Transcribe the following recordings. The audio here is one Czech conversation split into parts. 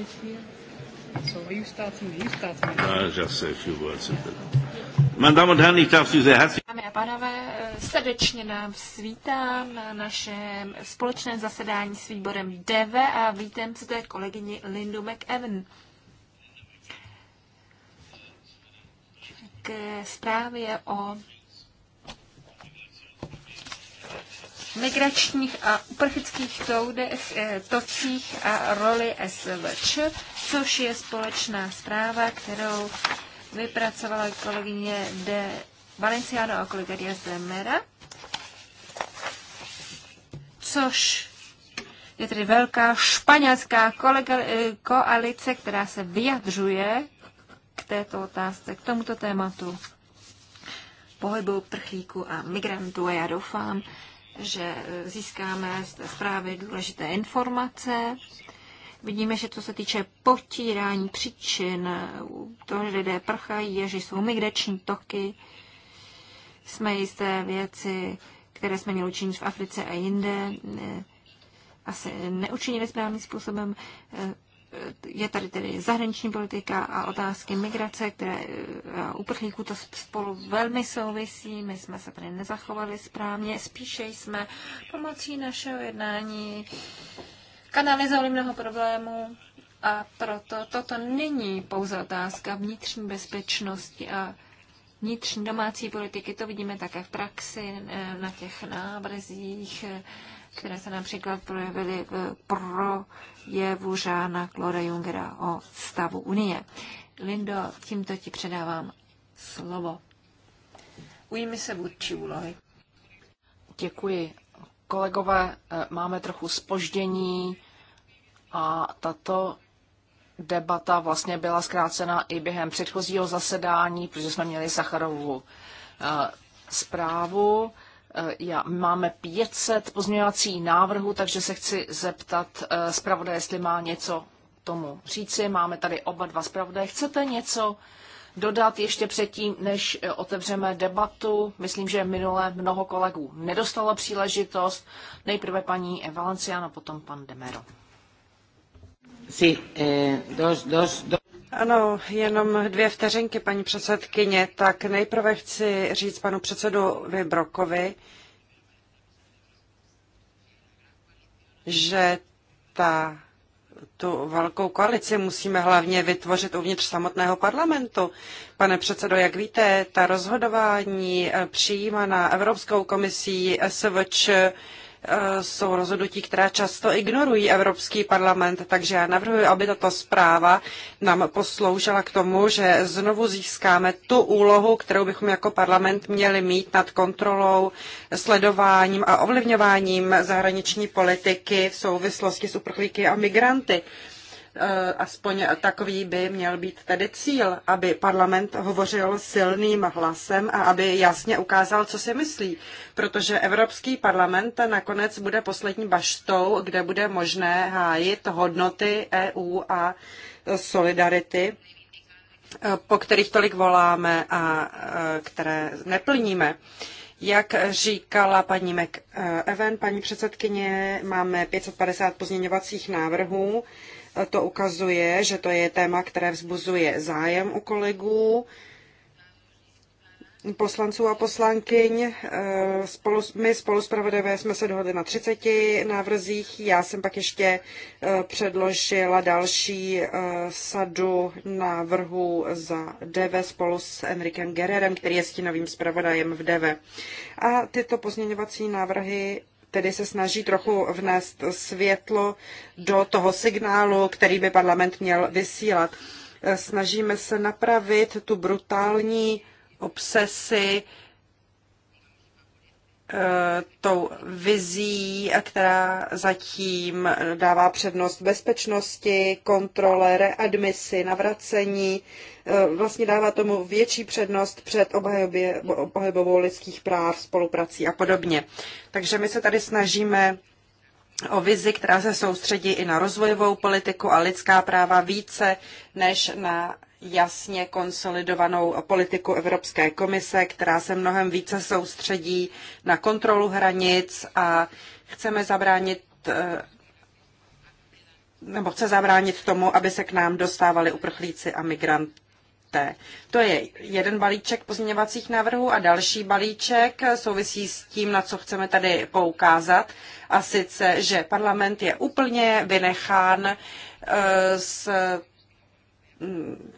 is here. So you starting, you starting. just say a few words. Meine Damen Dámy a pánové, srdečně nám svítám na našem společném zasedání s výborem DV a vítám té kolegyni Lindu McEwen. Ke zprávě o migračních a uprchických toudech, eh, tocích a roli SVČ, což je společná zpráva, kterou vypracovala kolegyně de Valenciano a kolega Díaz de Mera, což je tedy velká španělská kolega, eh, koalice, která se vyjadřuje k této otázce, k tomuto tématu pohybu prchlíků a migrantů a já doufám, že eh, získáme z té zprávy důležité informace. Vidíme, že co se týče potírání příčin to, že lidé prchají že jsou migrační toky, jsme jisté věci, které jsme měli učinit v Africe a jinde, asi neučinili správným způsobem. Eh, je tady tedy zahraniční politika a otázky migrace, které e, uprchlíků to spolu velmi souvisí. My jsme se tady nezachovali správně, spíše jsme pomocí našeho jednání kanalizovali mnoho problémů a proto toto není pouze otázka vnitřní bezpečnosti a vnitřní domácí politiky. To vidíme také v praxi, e, na těch návrzích, e, které se například projevily v pro projevu Žána Klora Jungera o stavu Unie. Lindo, tímto ti předávám slovo. Ujmi se vůdčí úlohy. Děkuji. Kolegové, eh, máme trochu spoždění a tato debata vlastně byla zkrácena i během předchozího zasedání, protože jsme měli Sacharovu eh, zprávu. Eh, já, máme 500 pozměňovací návrhů, takže se chci zeptat eh, zpravodaje, jestli má něco tomu říci. Máme tady oba dva zpravodaje. Chcete něco dodat ještě předtím, než eh, otevřeme debatu? Myslím, že minule mnoho kolegů nedostalo příležitost. Nejprve paní Valenciana, potom pan Demero. Sí, eh, dos, dos, dos. Ano, jenom dvě vteřinky, paní předsedkyně. Tak nejprve chci říct panu předsedu Vybrokovi, že ta, tu velkou koalici musíme hlavně vytvořit uvnitř samotného parlamentu. Pane předsedo, jak víte, ta rozhodování eh, přijímaná Evropskou komisí SVČ Eh, jsou rozhodnutí, která často ignorují Evropský parlament, takže já navrhuji, aby tato zpráva nám posloužila k tomu, že znovu získáme tu úlohu, kterou bychom jako parlament měli mít nad kontrolou, sledováním a ovlivňováním zahraniční politiky v souvislosti s uprchlíky a migranty. Eh, aspoň takový by měl být tedy cíl, aby parlament hovořil silným hlasem a aby jasně ukázal, co si myslí, protože Evropský parlament nakonec bude poslední baštou, kde bude možné hájit hodnoty EU a solidarity, eh, po kterých tolik voláme a eh, které neplníme. Jak říkala paní McEwen, paní předsedkyně, máme 550 pozměňovacích návrhů. To ukazuje, že to je téma, které vzbuzuje zájem u kolegů poslanců a poslankyň. Eh, spolu, my spoluspravodajové jsme se dohodli na 30 návrzích. Já jsem pak ještě eh, předložila další eh, sadu návrhů za DV spolu s Enrikem Gererem, který je stínovým zpravodajem v DV. A tyto pozměňovací návrhy tedy se snaží trochu vnést světlo do toho signálu, který by parlament měl vysílat. Snažíme se napravit tu brutální obsesy e, tou vizí, která zatím dává přednost bezpečnosti, kontrole, readmisi, navracení, e, vlastně dává tomu větší přednost před obhajobou lidských práv, spoluprací a podobně. Takže my se tady snažíme o vizi, která se soustředí i na rozvojovou politiku a lidská práva více než na jasně konsolidovanou politiku Evropské komise, která se mnohem více soustředí na kontrolu hranic a chceme zabránit eh, nebo chce zabránit tomu, aby se k nám dostávali uprchlíci a migranté. To je jeden balíček pozměňovacích návrhů a další balíček souvisí s tím, na co chceme tady poukázat, a sice, že parlament je úplně vynechán z eh,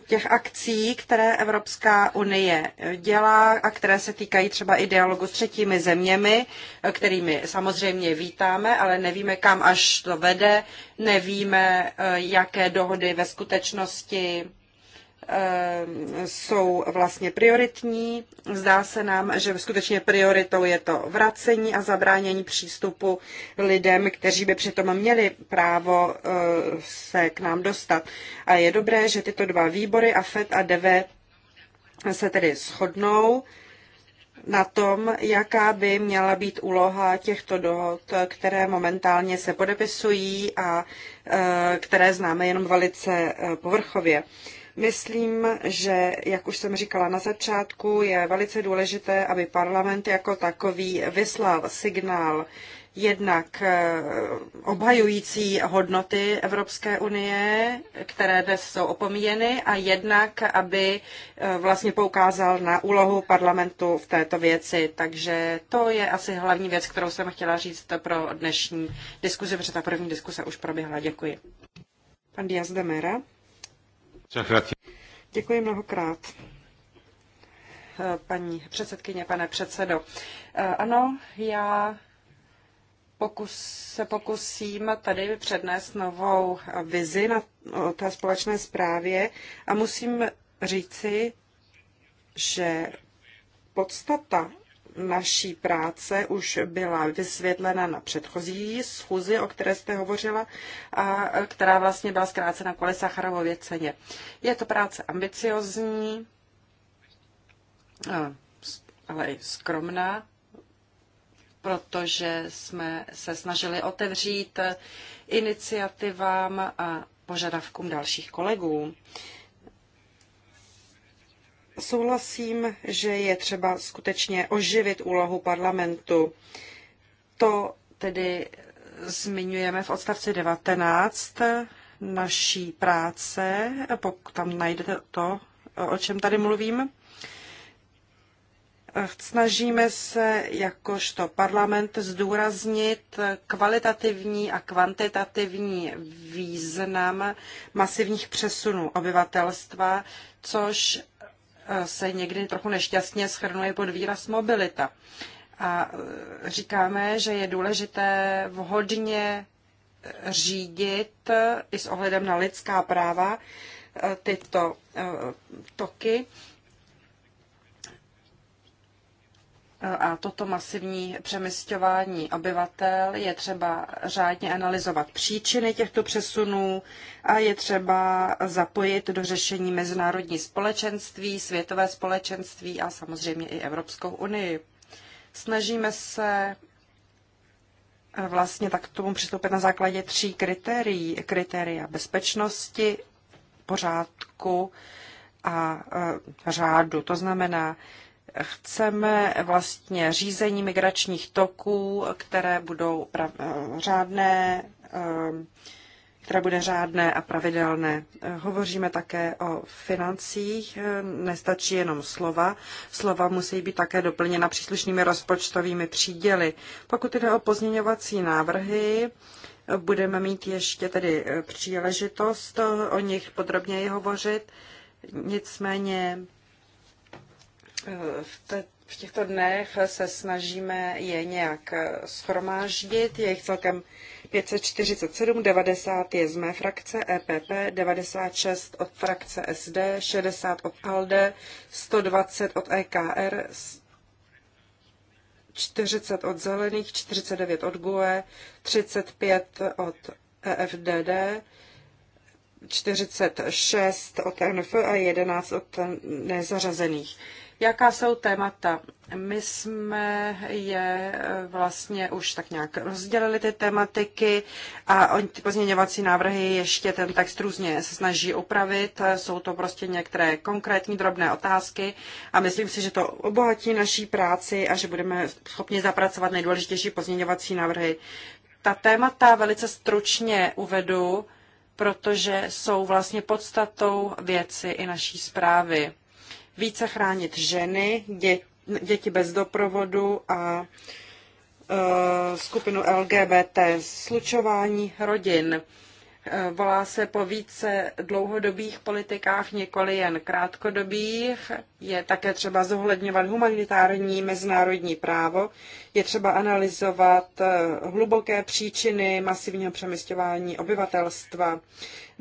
těch akcí, které Evropská unie dělá a které se týkají třeba i dialogu s třetími zeměmi, kterými samozřejmě vítáme, ale nevíme, kam až to vede, nevíme, eh, jaké dohody ve skutečnosti Eh, jsou vlastně prioritní. Zdá se nám, že skutečně prioritou je to vracení a zabránění přístupu lidem, kteří by přitom měli právo eh, se k nám dostat. A je dobré, že tyto dva výbory, AFET a DV, se tedy shodnou na tom, jaká by měla být úloha těchto dohod, které momentálně se podepisují a eh, které známe jenom velice povrchově. Myslím, že, jak už jsem říkala na začátku, je velice důležité, aby parlament jako takový vyslal signál jednak eh, obhajující hodnoty Evropské unie, které dnes jsou opomíjeny, a jednak, aby eh, vlastně poukázal na úlohu parlamentu v této věci. Takže to je asi hlavní věc, kterou jsem chtěla říct pro dnešní diskuzi, protože ta první diskuse už proběhla. Děkuji. Pan Diaz de Mera. Děkuji mnohokrát. Paní předsedkyně, pane předsedo. Ano, já pokus, se pokusím tady přednést novou vizi na o té společné zprávě a musím říci, že podstata naší práce už byla vysvětlena na předchozí schůzi, o které jste hovořila, a která vlastně byla zkrácena kvůli Sacharovově ceně. Je to práce ambiciozní, ale i skromná, protože jsme se snažili otevřít iniciativám a požadavkům dalších kolegů. Souhlasím, že je třeba skutečně oživit úlohu parlamentu. To tedy zmiňujeme v odstavci 19 naší práce, pokud tam najdete to, o čem tady mluvím. Snažíme se jakožto parlament zdůraznit kvalitativní a kvantitativní význam masivních přesunů obyvatelstva, což se někdy trochu nešťastně schrnuje pod výraz mobilita. A e, říkáme, že je důležité vhodně e, řídit e, i s ohledem na lidská práva tyto toky a toto masivní přemysťování obyvatel je třeba řádně analyzovat příčiny těchto přesunů a je třeba zapojit do řešení mezinárodní společenství, světové společenství a samozřejmě i Evropskou unii. Snažíme se vlastně tak k tomu přistoupit na základě tří kritérií. Kritéria bezpečnosti, pořádku a e, řádu. To znamená, Chceme vlastně řízení migračních toků, které budou řádné, ehm, které bude řádné a pravidelné. Hovoříme také o financích, nestačí jenom slova. Slova musí být také doplněna příslušnými rozpočtovými příděly. Pokud jde o pozměňovací návrhy, budeme mít ještě tedy příležitost o nich podrobněji hovořit. Nicméně Eh, v, te, v těchto dnech se snažíme je nějak eh, schromáždit. Je jich celkem 547, 90 je z mé frakce EPP, 96 od frakce SD, 60 od ALDE, 120 od EKR, 40 od Zelených, 49 od GUE, 35 od EFDD, 46 od NF a 11 od nezařazených. Jaká jsou témata? My jsme je eh, vlastně už tak nějak rozdělili ty tematiky a oni ty pozměňovací návrhy ještě ten text různě se snaží upravit. Eh, jsou to prostě některé konkrétní drobné otázky a myslím si, že to obohatí naší práci a že budeme schopni zapracovat nejdůležitější pozměňovací návrhy. Ta témata velice stručně uvedu, protože jsou vlastně podstatou věci i naší zprávy více chránit ženy, dě, děti bez doprovodu a e, skupinu LGBT, slučování rodin. E, volá se po více dlouhodobých politikách, nikoli jen krátkodobých. Je také třeba zohledňovat humanitární mezinárodní právo. Je třeba analyzovat e, hluboké příčiny masivního přeměstňování obyvatelstva.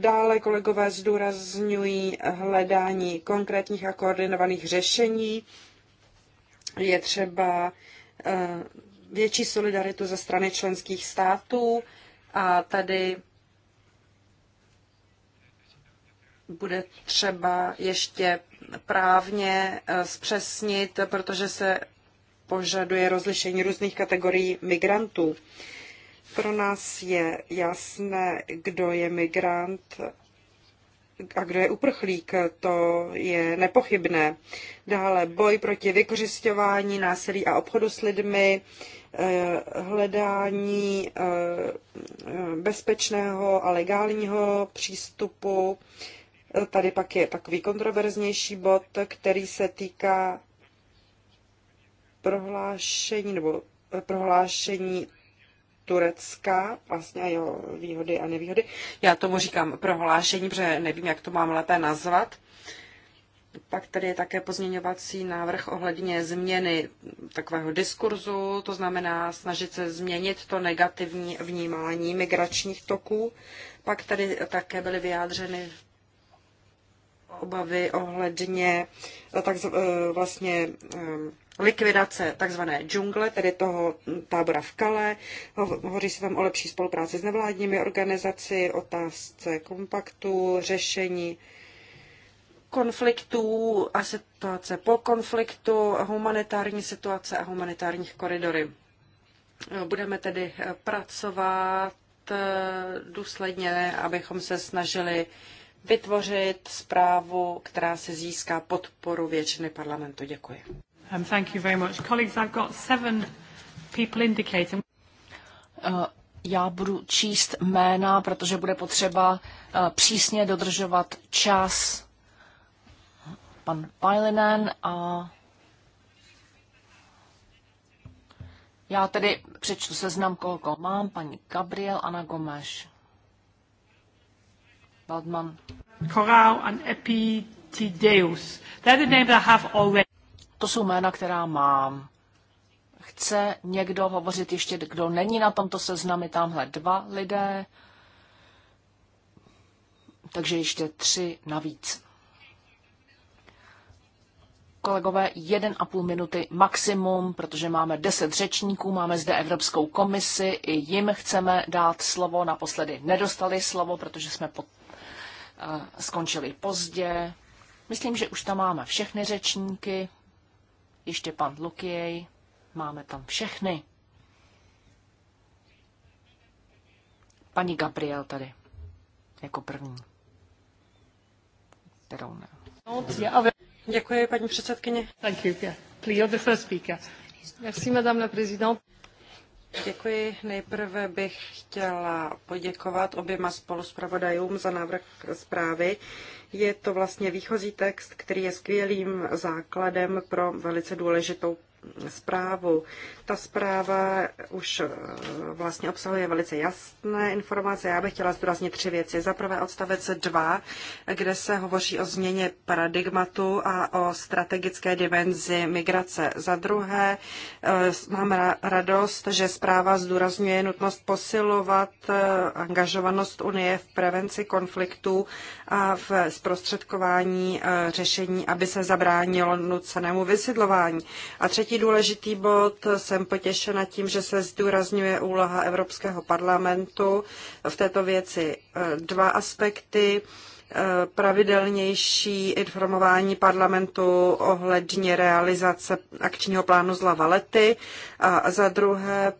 Dále kolegové zdůrazňují hledání konkrétních a koordinovaných řešení. Je třeba eh, větší solidaritu ze strany členských států a tady bude třeba ještě právně eh, zpřesnit, protože se požaduje rozlišení různých kategorií migrantů. Pro nás je jasné, kdo je migrant a kdo je uprchlík, to je nepochybné. Dále boj proti vykořišťování, násilí a obchodu s lidmi, eh, hledání eh, bezpečného a legálního přístupu. Tady pak je takový kontroverznější bod, který se týká prohlášení nebo prohlášení Turecka, vlastně jeho výhody a nevýhody. Já tomu říkám prohlášení, protože nevím, jak to mám lépe nazvat. Pak tady je také pozměňovací návrh ohledně změny takového diskurzu, to znamená snažit se změnit to negativní vnímání migračních toků. Pak tady také byly vyjádřeny obavy ohledně no tak e, vlastně likvidace tzv. džungle, tedy toho tábora v Kale. Hovoří se tam o lepší spolupráci s nevládními organizaci, otázce kompaktu, řešení konfliktů a situace po konfliktu, humanitární situace a humanitárních koridory. Budeme tedy pracovat eh, důsledně, abychom se snažili vytvořit zprávu, která se získá podporu většiny parlamentu. Děkuji. Um, thank you very much. Colleagues, I've got seven people indicating. Uh, já budu číst jména, protože bude potřeba uh, přísně dodržovat čas. Pan Pajlinen a já tedy přečtu seznam, koho mám. Paní Gabriel, Ana Gomes, Waldman. Corral and Epitideus. They're the names I have already. To jsou jména, která mám. Chce někdo hovořit ještě, kdo není na tomto seznamu, tamhle dva lidé, takže ještě tři navíc. Kolegové, jeden a půl minuty maximum, protože máme deset řečníků, máme zde Evropskou komisi, i jim chceme dát slovo. Naposledy nedostali slovo, protože jsme pod, uh, eh, skončili pozdě. Myslím, že už tam máme všechny řečníky ještě pan Lukiej, máme tam všechny. Paní Gabriel tady, jako první. Kterou ne. Děkuji, paní předsedkyně. Thank you, yeah. Please, the first speaker. Merci, madame la présidente. Děkuji. Nejprve bych chtěla poděkovat oběma spoluspravodajům za návrh zprávy. Je to vlastně výchozí text, který je skvělým základem pro velice důležitou zprávu. Ta zpráva už eh, vlastně obsahuje velice jasné informace. Já bych chtěla zdůraznit tři věci. Za prvé odstavec 2, kde se hovoří o změně paradigmatu a o strategické dimenzi migrace. Za druhé eh, mám radost, že zpráva zdůrazňuje nutnost posilovat eh, angažovanost Unie v prevenci konfliktů a v zprostředkování řešení, aby se zabránilo nucenému vysidlování. A třetí Třetí důležitý bod, jsem potěšena tím, že se zdůrazňuje úloha Evropského parlamentu v této věci. Dva aspekty pravidelnější informování parlamentu ohledně realizace akčního plánu z Lavalety a za druhé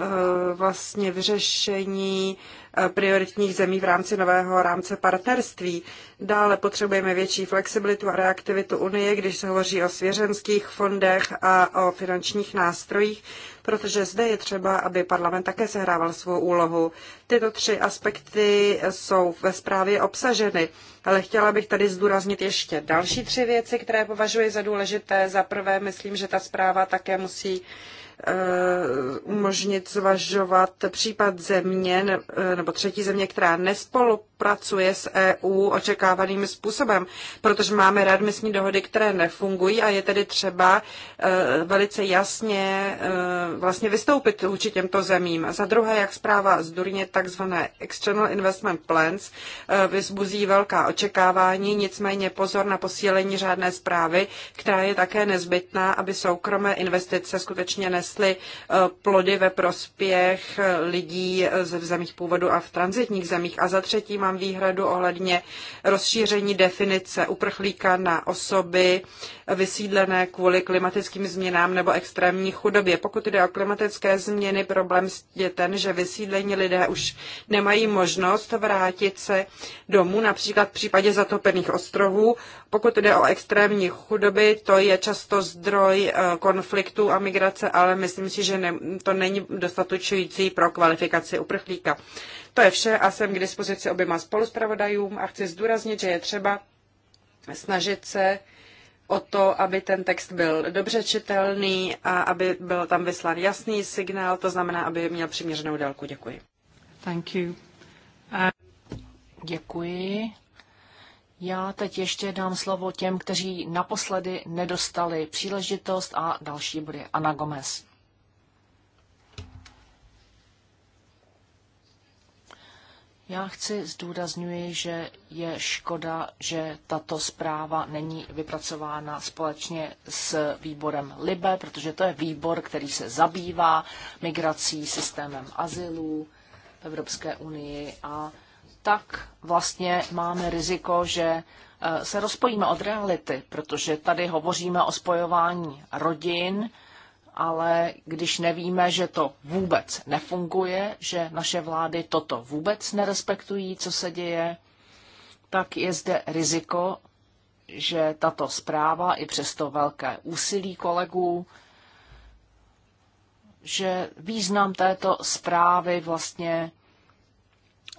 Eh, vlastně vyřešení eh, prioritních zemí v rámci nového rámce partnerství. Dále potřebujeme větší flexibilitu a reaktivitu Unie, když se hovoří o svěřenských fondech a o finančních nástrojích, protože zde je třeba, aby parlament také sehrával svou úlohu. Tyto tři aspekty jsou ve zprávě obsaženy, ale chtěla bych tady zdůraznit ještě další tři věci, které považuji za důležité. Za prvé, myslím, že ta zpráva také musí umožnit zvažovat případ země nebo třetí země, která nespolu pracuje s EU očekávaným způsobem, protože máme readmisní dohody, které nefungují a je tedy třeba e, velice jasně e, vlastně vystoupit vůči těmto zemím. Za druhé, jak zpráva z Durně, takzvané External Investment Plans e, vyzbuzí velká očekávání, nicméně pozor na posílení řádné zprávy, která je také nezbytná, aby soukromé investice skutečně nesly plody ve prospěch lidí v zemích původu a v transitních zemích. A za třetí má mám výhradu ohledně rozšíření definice uprchlíka na osoby vysídlené kvůli klimatickým změnám nebo extrémní chudobě. Pokud jde o klimatické změny, problém je ten, že vysídlení lidé už nemají možnost vrátit se domů, například v případě zatopených ostrovů. Pokud jde o extrémní chudoby, to je často zdroj eh, konfliktů a migrace, ale myslím si, že ne, to není dostatučující pro kvalifikaci uprchlíka. To je vše a jsem k dispozici oběma oběma spoluspravodajům a chci zdůraznit, že je třeba snažit se o to, aby ten text byl dobře čitelný a aby byl tam vyslán jasný signál, to znamená, aby měl přiměřenou délku. Děkuji. Thank you. Děkuji. Já teď ještě dám slovo těm, kteří naposledy nedostali příležitost a další bude Ana Gomez. Já chci zdůrazňuji, že je škoda, že tato zpráva není vypracována společně s výborem LIBE, protože to je výbor, který se zabývá migrací, systémem azylů v Evropské unii a tak vlastně máme riziko, že eh, se rozpojíme od reality, protože tady hovoříme o spojování rodin, ale když nevíme, že to vůbec nefunguje, že naše vlády toto vůbec nerespektují, co se děje, tak je zde riziko, že tato zpráva i přesto velké úsilí kolegů, že význam této zprávy vlastně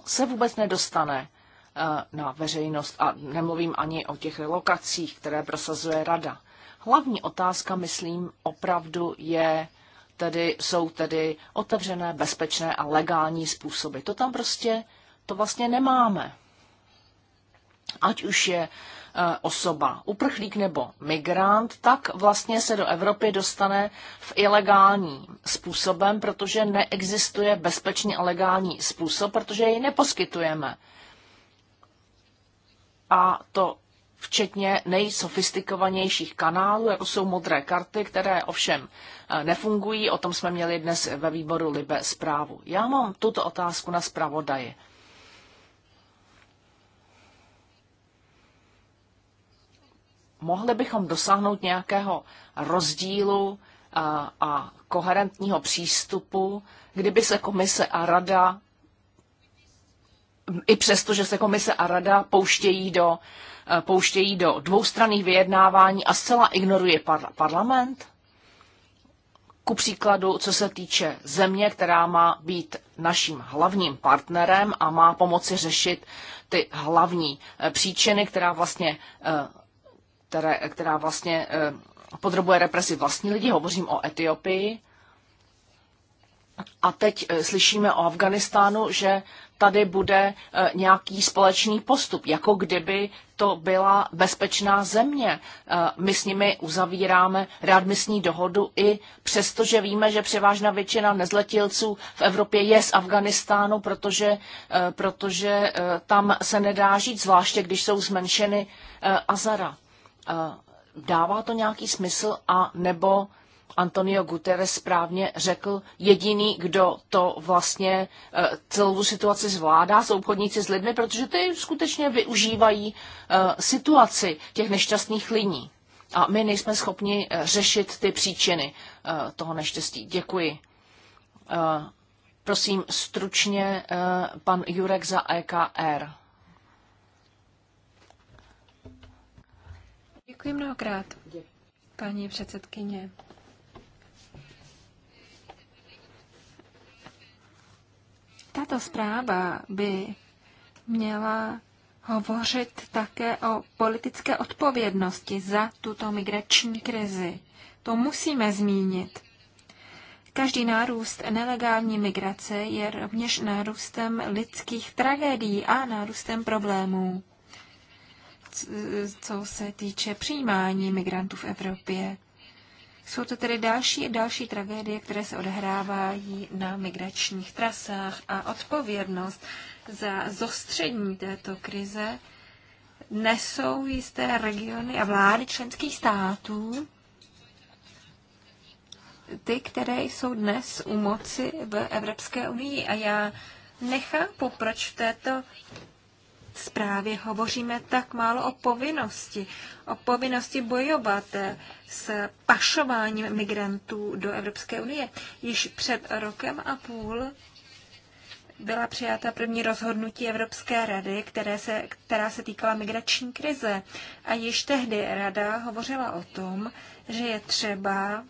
se vůbec nedostane eh, na veřejnost a nemluvím ani o těch lokacích, které prosazuje rada. Hlavní otázka, myslím, opravdu je, tedy, jsou tedy otevřené, bezpečné a legální způsoby. To tam prostě, to vlastně nemáme. Ať už je e, osoba uprchlík nebo migrant, tak vlastně se do Evropy dostane v ilegální způsobem, protože neexistuje bezpečný a legální způsob, protože jej neposkytujeme. A to včetně nejsofistikovanějších kanálů, jako jsou modré karty, které ovšem eh, nefungují. O tom jsme měli dnes ve výboru Libe zprávu. Já mám tuto otázku na zpravodaji. Mohli bychom dosáhnout nějakého rozdílu a, eh, a koherentního přístupu, kdyby se komise a rada, i přesto, že se komise a rada pouštějí do Eh, pouštějí do dvoustranných vyjednávání a zcela ignoruje par- parlament? Ku příkladu, co se týče země, která má být naším hlavním partnerem a má pomoci řešit ty hlavní eh, příčiny, která vlastně, eh, které, která vlastně podrobuje represi vlastní lidi, hovořím o Etiopii. A teď slyšíme o Afganistánu, že tady bude eh, nějaký společný postup, jako kdyby to byla bezpečná země. Eh, my s nimi uzavíráme readmisní dohodu i přesto, že víme, že převážná většina nezletilců v Evropě je z Afganistánu, protože, eh, protože tam se nedá žít, zvláště když jsou zmenšeny Azara. Dává to nějaký smysl a nebo Antonio Guterres správně řekl, jediný, kdo to vlastně eh, celou tu situaci zvládá, jsou obchodníci s lidmi, protože ty skutečně využívají eh, situaci těch nešťastných lidí. A my nejsme schopni eh, řešit ty příčiny toho neštěstí. Děkuji. Prosím, stručně pan Jurek za EKR. Děkuji mnohokrát, paní předsedkyně. Tato zpráva by měla hovořit také o politické odpovědnosti za tuto migrační krizi. To musíme zmínit. Každý nárůst nelegální migrace je rovněž nárůstem lidských tragédií a nárůstem problémů, co se týče přijímání migrantů v Evropě. Jsou to tedy další a další tragédie, které se odehrávají na migračních trasách a odpovědnost za zostření této krize nesou jisté regiony a vlády členských států, ty, které jsou dnes u moci v Evropské unii. A já nechápu, proč v této zprávě hovoříme tak málo o povinnosti, o povinnosti bojovat s pašováním migrantů do Evropské unie. Již před rokem a půl byla přijata první rozhodnutí Evropské rady, které se, která se týkala migrační krize. A již tehdy rada hovořila o tom, že je třeba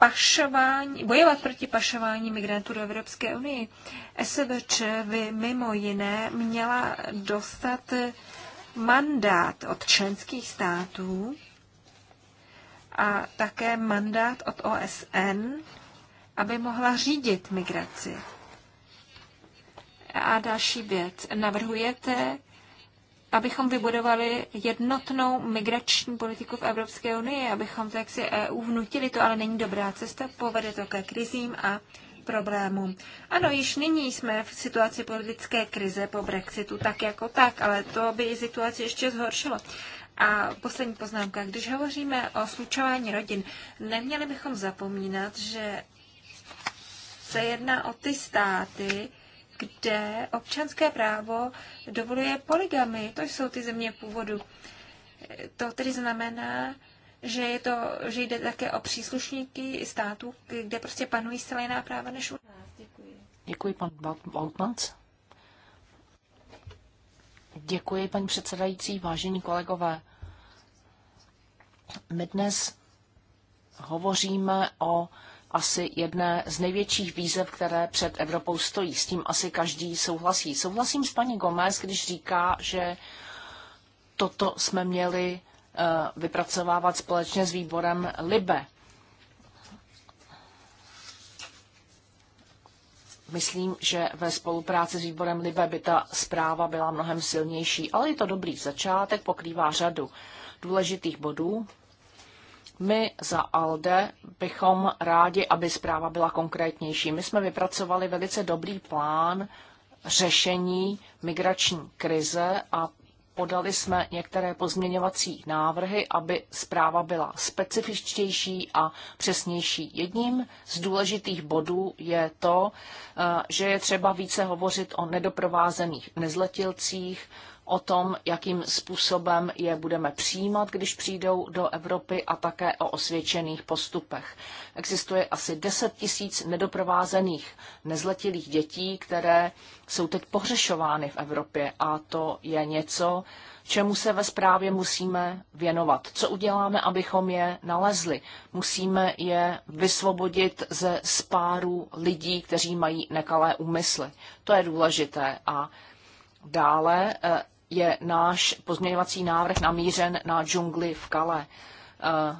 pašování, bojovat proti pašování migrantů do Evropské unii. SVČ by mimo jiné měla dostat mandát od členských států a také mandát od OSN, aby mohla řídit migraci. A další věc. Navrhujete abychom vybudovali jednotnou migrační politiku v Evropské unii, abychom to jaksi EU vnutili, to ale není dobrá cesta, povede to ke krizím a problémům. Ano, již nyní jsme v situaci politické krize po Brexitu tak jako tak, ale to by i situaci ještě zhoršilo. A poslední poznámka, když hovoříme o slučování rodin, neměli bychom zapomínat, že se jedná o ty státy, kde občanské právo dovoluje poligamy. To jsou ty země původu. To tedy znamená, že, je to, že jde také o příslušníky států, kde prostě panují zcela jiná práva než u nás. Děkuji. Děkuji, pan Baltmans. Děkuji, paní předsedající, vážení kolegové. My dnes hovoříme o asi jedné z největších výzev, které před Evropou stojí. S tím asi každý souhlasí. Souhlasím s paní Gomez, když říká, že toto jsme měli eh, vypracovávat společně s výborem LIBE. Myslím, že ve spolupráci s výborem LIBE by ta zpráva byla mnohem silnější, ale je to dobrý začátek, pokrývá řadu důležitých bodů. My za ALDE bychom rádi, aby zpráva byla konkrétnější. My jsme vypracovali velice dobrý plán řešení migrační krize a podali jsme některé pozměňovací návrhy, aby zpráva byla specifičtější a přesnější. Jedním z důležitých bodů je to, eh, že je třeba více hovořit o nedoprovázených nezletilcích, o tom, jakým způsobem je budeme přijímat, když přijdou do Evropy a také o osvědčených postupech. Existuje asi 10 tisíc nedoprovázených nezletilých dětí, které jsou teď pohřešovány v Evropě a to je něco, čemu se ve zprávě musíme věnovat. Co uděláme, abychom je nalezli? Musíme je vysvobodit ze spáru lidí, kteří mají nekalé úmysly. To je důležité a Dále eh, je náš pozměňovací návrh namířen na džungli v Kale. Eh,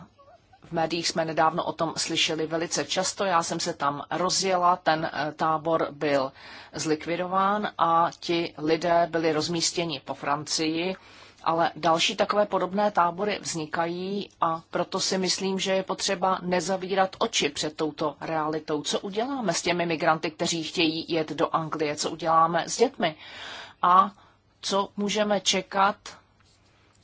v médiích jsme nedávno o tom slyšeli velice často. Já jsem se tam rozjela, ten eh, tábor byl zlikvidován a ti lidé byli rozmístěni po Francii. Ale další takové podobné tábory vznikají a proto si myslím, že je potřeba nezavírat oči před touto realitou. Co uděláme s těmi migranty, kteří chtějí jet do Anglie? Co uděláme s dětmi? A co můžeme čekat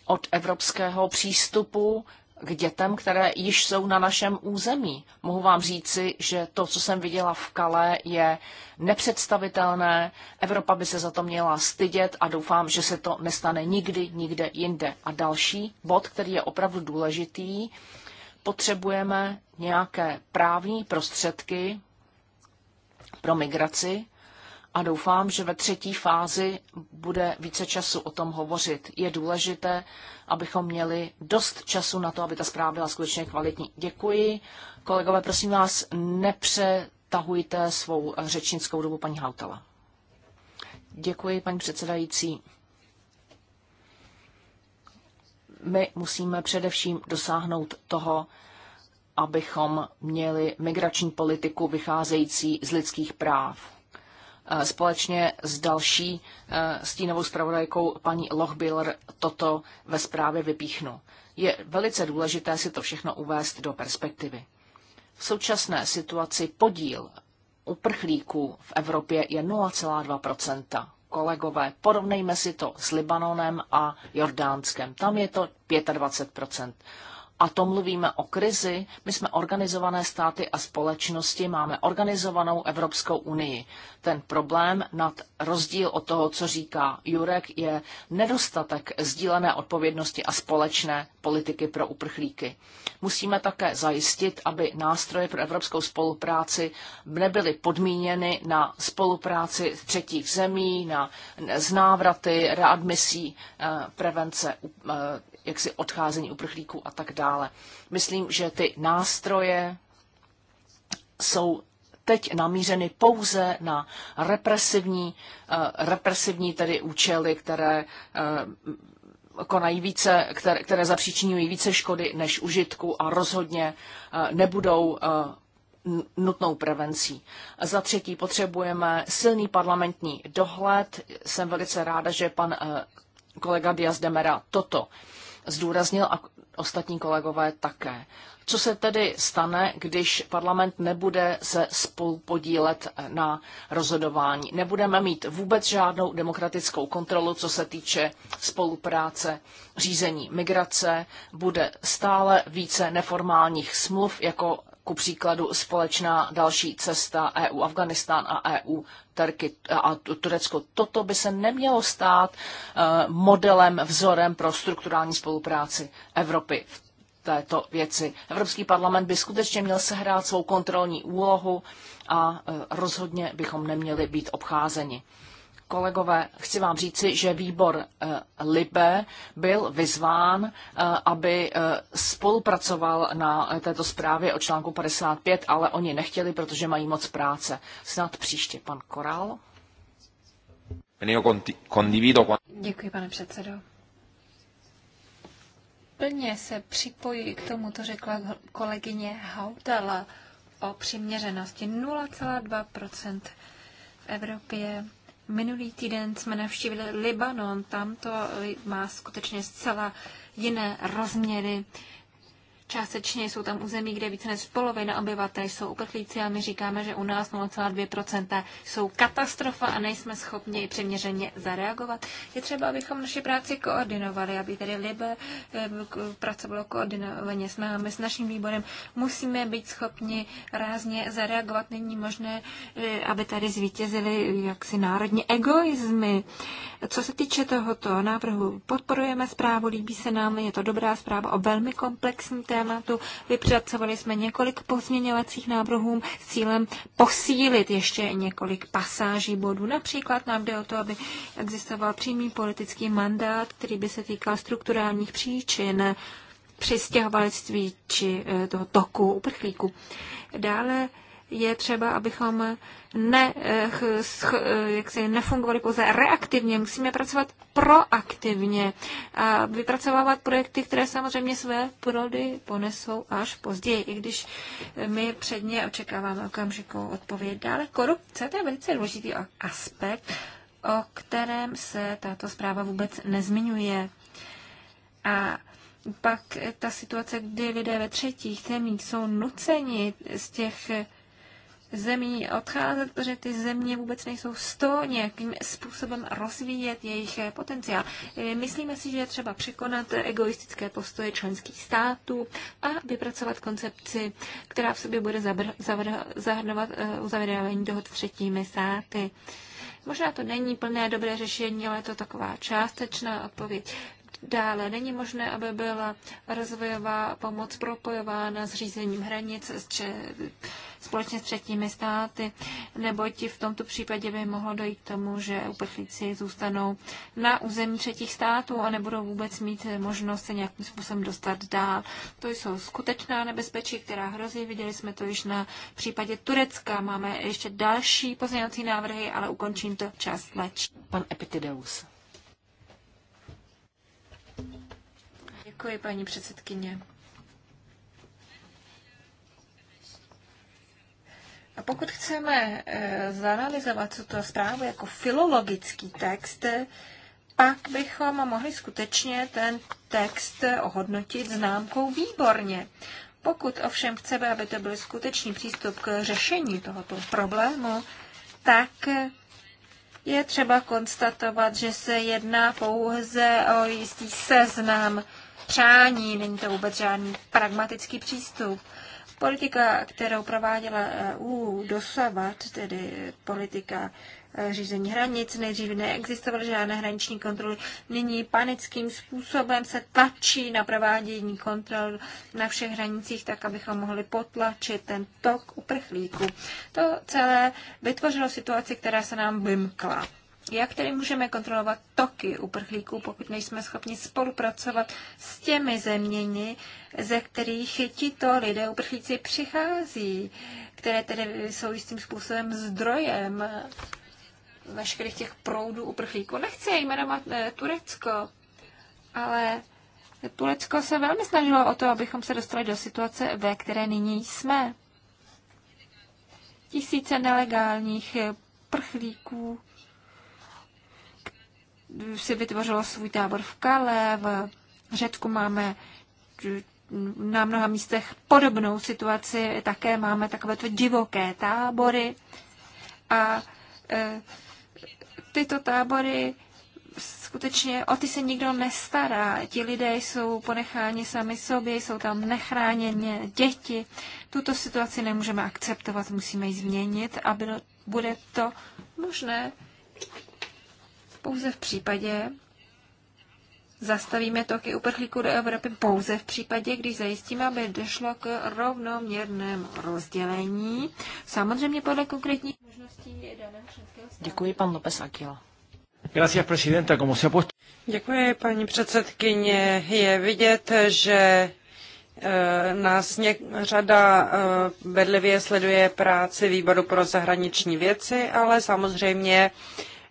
od evropského přístupu k dětem, které již jsou na našem území. Mohu vám říci, že to, co jsem viděla v Kale, je nepředstavitelné. Evropa by se za to měla stydět a doufám, že se to nestane nikdy, nikde jinde. A další bod, který je opravdu důležitý, potřebujeme nějaké právní prostředky pro migraci, a doufám, že ve třetí fázi bude více času o tom hovořit. Je důležité, abychom měli dost času na to, aby ta zpráva byla skutečně kvalitní. Děkuji. Kolegové, prosím vás, nepřetahujte svou řečnickou dobu paní Hautala. Děkuji, paní předsedající. My musíme především dosáhnout toho, abychom měli migrační politiku vycházející z lidských práv Eh, společně s další eh, stínovou zpravodajkou paní Lochbiller toto ve zprávě vypíchnu. Je velice důležité si to všechno uvést do perspektivy. V současné situaci podíl uprchlíků v Evropě je 0,2 Kolegové, porovnejme si to s Libanonem a Jordánskem. Tam je to 25 a to mluvíme o krizi, my jsme organizované státy a společnosti, máme organizovanou Evropskou unii. Ten problém nad rozdíl od toho, co říká Jurek, je nedostatek sdílené odpovědnosti a společné politiky pro uprchlíky. Musíme také zajistit, aby nástroje pro evropskou spolupráci nebyly podmíněny na spolupráci s třetích zemí, na znávraty, readmisí, eh, prevence eh, jaksi odcházení uprchlíků a tak dále. Myslím, že ty nástroje jsou teď namířeny pouze na represivní, eh, represivní tedy účely, které eh, konají více, které, které zapříčinují více škody než užitku a rozhodně eh, nebudou nutnou prevencí. Za třetí potřebujeme silný parlamentní dohled. Jsem velice ráda, že pan kolega Diaz Demera toto zdůraznil a ostatní kolegové také. Co se tedy stane, když parlament nebude se spolupodílet na rozhodování? Nebudeme mít vůbec žádnou demokratickou kontrolu, co se týče spolupráce, řízení migrace, bude stále více neformálních smluv, jako ku příkladu společná další cesta EU Afganistán a EU Terky a Turecko. Toto by se nemělo stát eh, modelem, vzorem pro strukturální spolupráci Evropy v této věci. Evropský parlament by skutečně měl sehrát svou kontrolní úlohu a eh, rozhodně bychom neměli být obcházeni. Kolegové, chci vám říci, že výbor eh, Libe byl vyzván, eh, aby eh, spolupracoval na této zprávě o článku 55, ale oni nechtěli, protože mají moc práce. Snad příště pan Koral. Děkuji, pane předsedo. Plně se připojí k tomu, co řekla kolegyně Hautala o přiměřenosti 0,2 v Evropě Minulý týden jsme navštívili Libanon, tam to má skutečně zcela jiné rozměry. Částečně jsou tam území, kde více než polovina obyvatel jsou uprchlíci a my říkáme, že u nás 0,2% jsou katastrofa a nejsme schopni přiměřeně zareagovat. Je třeba, abychom naši práci koordinovali, aby tedy Libe eh, pracovalo koordinovaně. Jsme my s naším výborem musíme být schopni rázně zareagovat. Není možné, eh, aby tady zvítězili jaksi národní egoizmy. Co se týče tohoto návrhu, podporujeme zprávu, líbí se nám, je to dobrá zpráva o velmi komplexní téma tématu. Vypracovali jsme několik pozměňovacích návrhů s cílem posílit ještě několik pasáží bodů. Například nám jde o to, aby existoval přímý politický mandát, který by se týkal strukturálních příčin přistěhovalectví či eh, toho toku uprchlíku. Dále je třeba, abychom ne, eh, eh, jak si nefungovaly pouze reaktivně, musíme pracovat proaktivně a vypracovávat projekty, které samozřejmě své prody ponesou až později, i když my předně očekáváme okamžikou odpověď. Dále korupce, to je velice důležitý aspekt, o kterém se tato zpráva vůbec nezmiňuje. A pak ta situace, kdy lidé ve třetích zemích jsou nuceni z těch zemí odcházet, protože ty země vůbec nejsou z to nějakým způsobem rozvíjet jejich potenciál. E, myslíme si, že je třeba překonat egoistické postoje členských států a vypracovat koncepci, která v sobě bude zahrnovat e, uzavírání dohod s třetími státy. Možná to není plné dobré řešení, ale je to taková částečná odpověď. Dále není možné, aby byla rozvojová pomoc propojována s řízením hranic s společně s třetími státy, neboť v tomto případě by mohlo dojít k tomu, že uprchlíci zůstanou na území třetích států a nebudou vůbec mít možnost se nějakým způsobem dostat dál. To jsou skutečná nebezpečí, která hrozí. Viděli jsme to již na případě Turecka. Máme ještě další pozměňovací návrhy, ale ukončím to čas leč. Pan Epitideus. Děkuji, paní předsedkyně. A pokud chceme eh, zanalizovat tuto zprávu jako filologický text, pak bychom mohli skutečně ten text ohodnotit známkou výborně. Pokud ovšem chceme, aby to byl skutečný přístup k řešení tohoto problému, tak je třeba konstatovat, že se jedná pouze o jistý seznam přání, není to vůbec žádný pragmatický přístup. Politika, kterou prováděla EU dosavat, tedy politika e, řízení hranic, nejdřív neexistovaly žádné hraniční kontroly, nyní panickým způsobem se tlačí na provádění kontrol na všech hranicích, tak abychom mohli potlačit ten tok uprchlíků. To celé vytvořilo situaci, která se nám vymkla. Jak tedy můžeme kontrolovat toky uprchlíků, pokud nejsme schopni spolupracovat s těmi zeměmi, ze kterých tito lidé uprchlíci přichází, které tedy jsou jistým způsobem zdrojem veškerých těch proudů uprchlíků. Nechci jmenovat eh, Turecko, ale Turecko se velmi snažilo o to, abychom se dostali do situace, ve které nyní jsme. Tisíce nelegálních prchlíků si vytvořilo svůj tábor v Kale, v Řecku máme na mnoha místech podobnou situaci, také máme takovéto divoké tábory a e, tyto tábory skutečně o ty se nikdo nestará. Ti lidé jsou ponecháni sami sobě, jsou tam nechráněně děti. Tuto situaci nemůžeme akceptovat, musíme ji změnit a bude to možné pouze v případě, zastavíme toky uprchlíků do Evropy pouze v případě, když zajistíme, aby došlo k rovnoměrnému rozdělení, samozřejmě podle konkrétních možností daného členského Děkuji, pan López Aquila. Děkuji, paní předsedkyně. Je vidět, že eh, Nás něk, řada eh, bedlivě sleduje práci výboru pro zahraniční věci, ale samozřejmě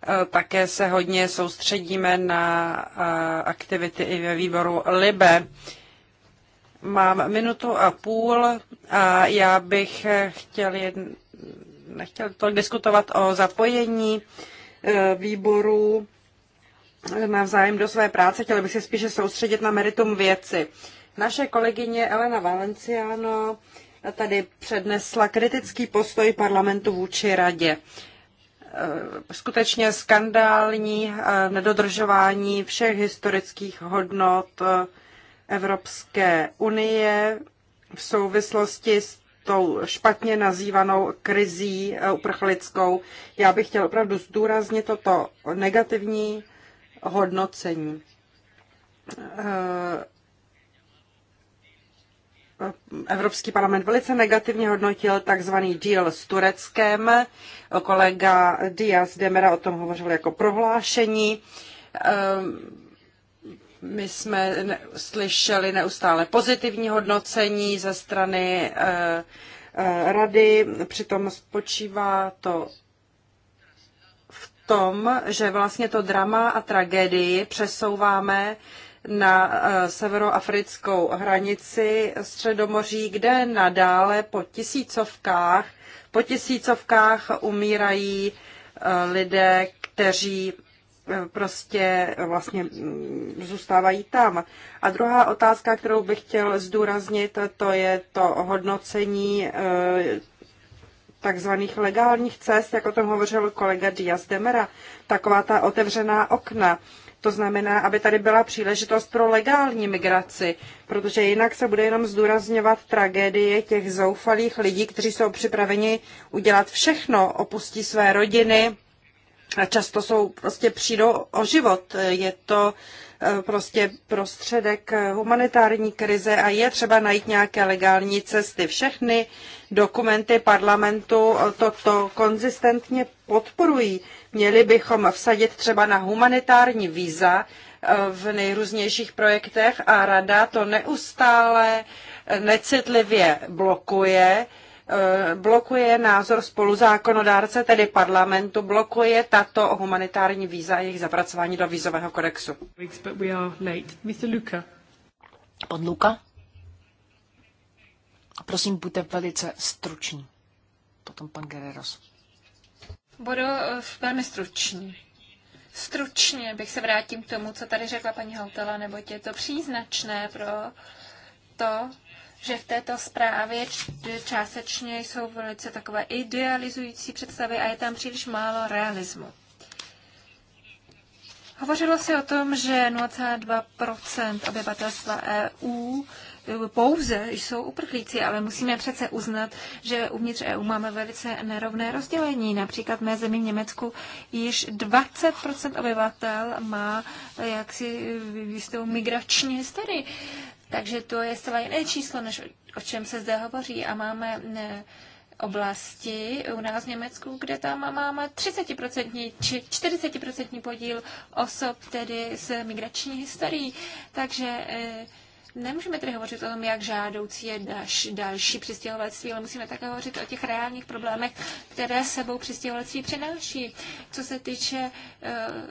Eh, také se hodně soustředíme na eh, aktivity i ve výboru LIBE. Mám minutu a půl a já bych eh, chtěl, jedn... chtěl to diskutovat o zapojení výboru navzájem do své práce. Chtěla bych se spíše soustředit na meritum věci. Naše kolegyně Elena Valenciano tady přednesla kritický postoj parlamentu vůči radě. Eh, skutečně skandální eh, nedodržování všech historických hodnot eh, Evropské unie v souvislosti s tou špatně nazývanou krizí uprchlickou. Já bych chtěl opravdu zdůraznit toto negativní hodnocení Evropský parlament velice negativně hodnotil takzvaný deal s Tureckem. Kolega Diaz Demera o tom hovořil jako prohlášení. Ehm, my jsme slyšeli neustále pozitivní hodnocení ze strany eh, eh, rady, přitom spočívá to v tom, že vlastně to drama a tragédii přesouváme uh, na eh, severoafrickou hranici Středomoří, kde nadále po tisícovkách, po tisícovkách umírají eh, lidé, kteří eh, prostě vlastně mm, zůstávají tam. A druhá otázka, kterou bych chtěl zdůraznit, to je to hodnocení takzvaných legálních cest, jak o tom hovořil kolega Diaz Demera, taková ta otevřená okna. To znamená, aby tady byla příležitost pro legální migraci, protože jinak se bude jenom zdůrazňovat tragédie těch zoufalých lidí, kteří jsou připraveni udělat všechno, opustí své rodiny, a často jsou prostě přijdou o život. Je to eh, prostě prostředek eh, humanitární krize a je třeba najít nějaké legální cesty. Všechny dokumenty parlamentu eh, toto konzistentně podporují. Měli bychom vsadit třeba na humanitární víza v nejrůznějších projektech a rada to neustále necitlivě blokuje Eh, blokuje názor spoluzákonodárce, tedy parlamentu, blokuje tato humanitární víza a jejich zapracování do vízového kodexu. Pan Luka? Prosím, buďte velice struční. Potom pan Guerreros. Budu eh, velmi struční. Stručně bych se vrátím k tomu, co tady řekla paní Hautala, neboť je to příznačné pro to, že v této zprávě částečně jsou velice takové idealizující představy a je tam příliš málo realismu. Hovořilo se o tom, že 0,2 obyvatelstva EU e, pouze jsou uprchlíci, ale musíme přece uznat, že uvnitř EU máme velice nerovné rozdělení. Například v mé zemi v Německu již 20 obyvatel má e, jaksi e, jistou migrační historii. Takže to je zcela jiné číslo, než o čem se zde hovoří. A máme oblasti u nás v Německu, kde tam máme 30% či 40% podíl osob tedy s migrační historií. Takže eh, Nemůžeme tedy hovořit o tom, jak žádoucí je další, další přistěhovalectví, ale musíme také hovořit o těch reálných problémech, které sebou přistěhovalectví přináší. Co se týče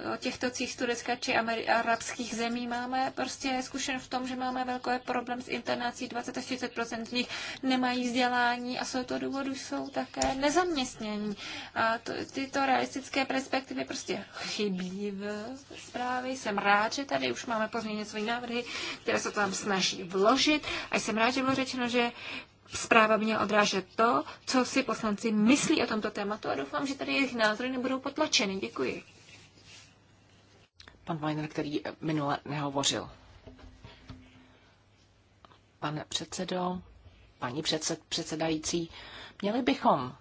uh, o těchto cích z Turecka či Ameri- arabských zemí, máme prostě zkušen v tom, že máme velký problém s internací. 20 až 30 z nich nemají vzdělání a jsou to důvodu jsou také nezaměstnění. A to, tyto realistické perspektivy prostě chybí v zprávě. Jsem rád, že tady už máme pozměněné své návrhy, které se tam snaží snaží vložit. A jsem rád, že bylo řečeno, že zpráva měla odrážet to, co si poslanci myslí o tomto tématu a doufám, že tady jejich názory nebudou potlačeny. Děkuji. Pan Weiner, který minule nehovořil. Pane předsedo, paní předsed, předsedající, měli bychom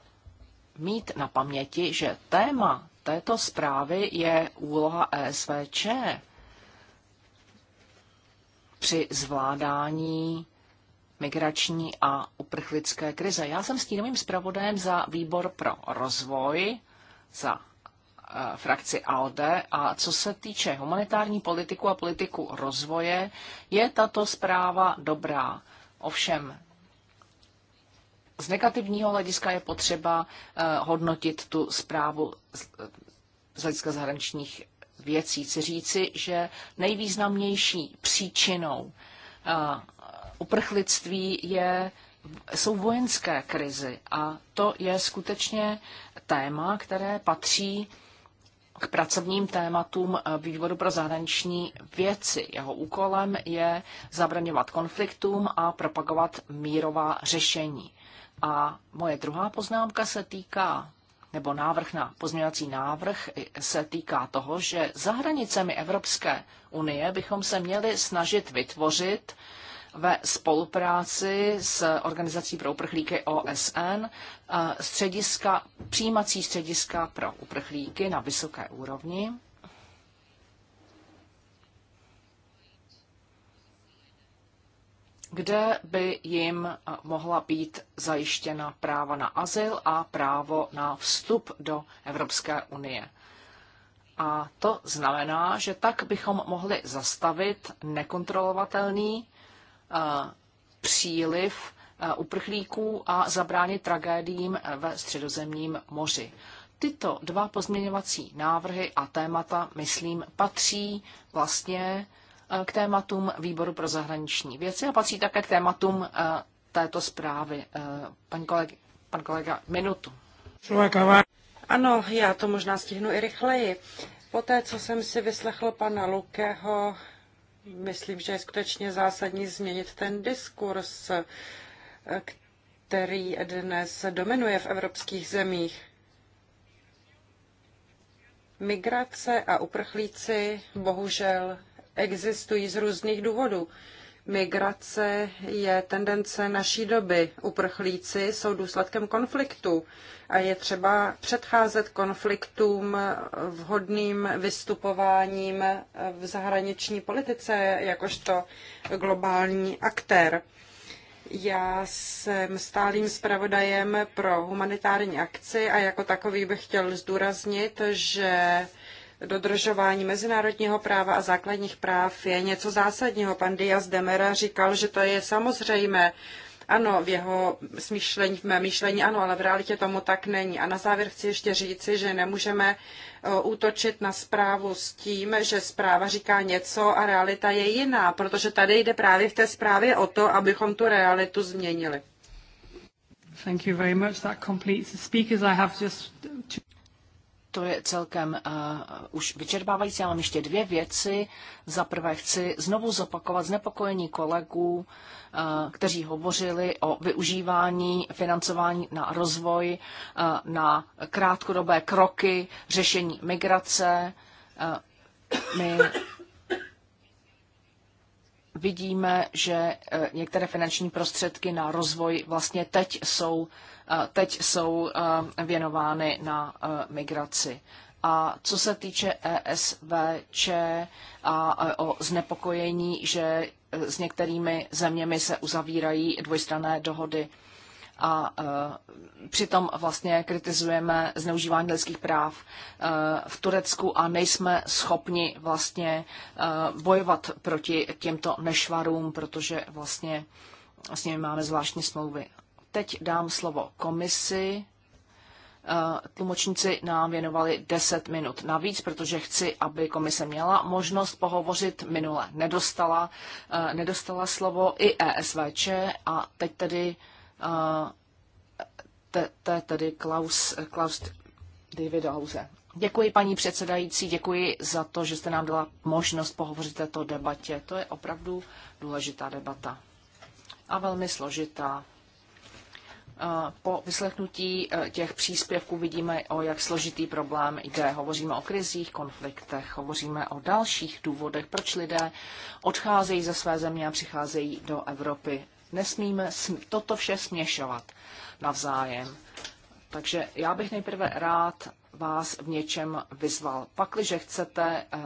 mít na paměti, že téma této zprávy je úloha ESVČ při zvládání migrační a uprchlické krize. Já jsem stínovým zpravodajem za výbor pro rozvoj, za eh, frakci ALDE a co se týče humanitární politiku a politiku rozvoje, je tato zpráva dobrá. Ovšem, z negativního hlediska je potřeba eh, hodnotit tu zprávu z eh, hlediska zahraničních věcí. Chci říci, že nejvýznamnější příčinou eh, uprchlictví je, jsou vojenské krizi a to je skutečně téma, které patří k pracovním tématům eh, výboru pro zahraniční věci. Jeho úkolem je zabraňovat konfliktům a propagovat mírová řešení. A moje druhá poznámka se týká nebo návrh na pozměňovací návrh se týká toho, že za hranicemi Evropské unie bychom se měli snažit vytvořit ve spolupráci s Organizací pro uprchlíky OSN eh, střediska, přijímací střediska pro uprchlíky na vysoké úrovni kde by jim eh, mohla být zajištěna práva na azyl a právo na vstup do Evropské unie. A to znamená, že tak bychom mohli zastavit nekontrolovatelný eh, příliv eh, uprchlíků a zabránit tragédiím ve středozemním moři. Tyto dva pozměňovací návrhy a témata, myslím, patří vlastně Eh, k tématům výboru pro zahraniční věci a patří také k tématům eh, této zprávy. Eh, pan kolega, pan kolega minutu. Ano, já to možná stihnu i rychleji. Poté, co jsem si vyslechl pana Lukého, myslím, že je skutečně zásadní změnit ten diskurs, který dnes dominuje v evropských zemích. Migrace a uprchlíci bohužel existují z různých důvodů. Migrace je tendence naší doby. Uprchlíci jsou důsledkem konfliktu a je třeba předcházet konfliktům vhodným vystupováním v zahraniční politice jakožto globální aktér. Já jsem stálým zpravodajem pro humanitární akci a jako takový bych chtěl zdůraznit, že dodržování mezinárodního práva a základních práv je něco zásadního. Pan Diaz Demera říkal, že to je samozřejmé. Ano, v jeho smýšlení, v mém myšlení ano, ale v realitě tomu tak není. A na závěr chci ještě říci, že nemůžeme eh, útočit na zprávu s tím, že zpráva říká něco a realita je jiná, protože tady jde právě v té zprávě o to, abychom tu realitu změnili. Thank you very much. That completes the speakers. I have just two to je celkem uh, už vyčerpávající, mám ještě dvě věci. Za prvé chci znovu zopakovat znepokojení kolegů, uh, kteří hovořili o využívání financování na rozvoj, uh, na krátkodobé kroky řešení migrace. Uh, my vidíme, že eh, některé finanční prostředky na rozvoj vlastně teď jsou, eh, teď jsou eh, věnovány na migraci. A co se týče ESVČ a o znepokojení, že s některými zeměmi se uzavírají dvojstranné dohody a e, přitom vlastně kritizujeme zneužívání lidských práv e, v Turecku a nejsme schopni vlastně e, bojovat proti těmto nešvarům, protože vlastně s vlastně nimi máme zvláštní smlouvy. Teď dám slovo komisi. Tlumočníci nám věnovali 10 minut navíc, protože chci, aby komise měla možnost pohovořit. Minule nedostala, nedostala slovo i ESVČ a teď tedy to je tedy Klaus, Klaus David Hause. Děkuji, paní předsedající, děkuji za to, že jste nám dala možnost pohovořit této debatě. To je opravdu důležitá debata a velmi složitá. Po vyslechnutí e, těch příspěvků vidíme, o jak složitý problém jde. Hovoříme o krizích, konfliktech, hovoříme o dalších důvodech, proč lidé odcházejí ze své země a přicházejí do Evropy. Nesmíme toto vše směšovat navzájem. Takže já bych nejprve rád vás v něčem vyzval. Pakliže chcete eh,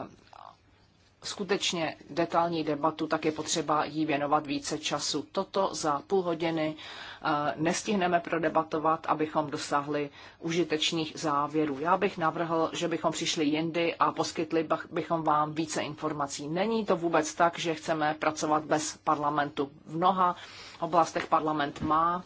skutečně detailní debatu, tak je potřeba jí věnovat více času. Toto za půl hodiny eh, nestihneme prodebatovat, abychom dosáhli užitečných závěrů. Já bych navrhl, že bychom přišli jindy a poskytli bychom vám více informací. Není to vůbec tak, že chceme pracovat bez parlamentu. V mnoha oblastech parlament má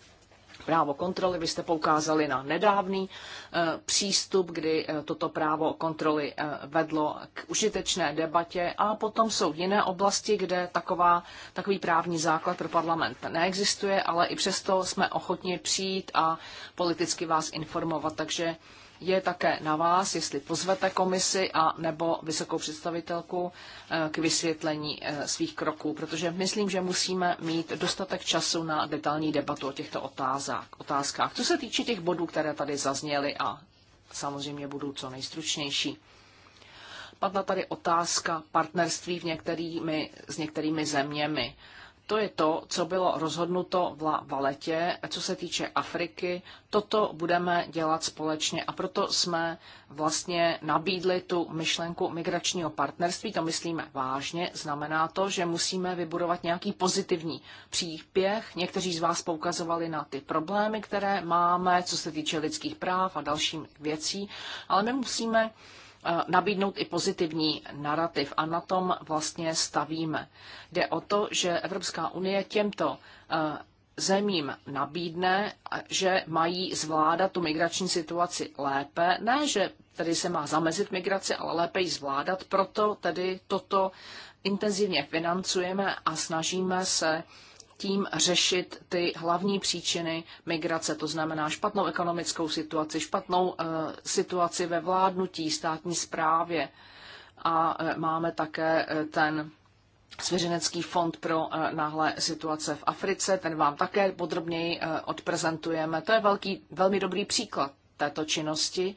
právo kontroly. Vy jste poukázali na nedávný eh, přístup, kdy eh, toto právo kontroly eh, vedlo k užitečné debatě a potom jsou jiné oblasti, kde taková, takový právní základ pro parlament neexistuje, ale i přesto jsme ochotni přijít a politicky vás informovat. Takže je také na vás, jestli pozvete komisi a nebo vysokou představitelku eh, k vysvětlení eh, svých kroků, protože myslím, že musíme mít dostatek času na detailní debatu o těchto otázách, otázkách. Co se týče těch bodů, které tady zazněly a samozřejmě budou co nejstručnější. Padla tady otázka partnerství v některými, s některými zeměmi to je to, co bylo rozhodnuto v La Valetě. Co se týče Afriky, toto budeme dělat společně a proto jsme vlastně nabídli tu myšlenku migračního partnerství. To myslíme vážně. Znamená to, že musíme vybudovat nějaký pozitivní příběh. Někteří z vás poukazovali na ty problémy, které máme, co se týče lidských práv a dalších věcí, ale my musíme Eh, nabídnout i pozitivní narrativ a na tom vlastně stavíme. Jde o to, že Evropská unie těmto eh, zemím nabídne, že mají zvládat tu migrační situaci lépe, ne, že tedy se má zamezit migraci, ale lépe ji zvládat, proto tedy toto intenzivně financujeme a snažíme se uh, tím řešit ty hlavní příčiny migrace, to znamená špatnou ekonomickou situaci, špatnou eh, situaci ve vládnutí, státní správě. A eh, máme také eh, ten Svěřenecký fond pro náhlé situace v Africe, ten vám také podrobněji odprezentujeme. To je velký, velmi dobrý příklad této činnosti.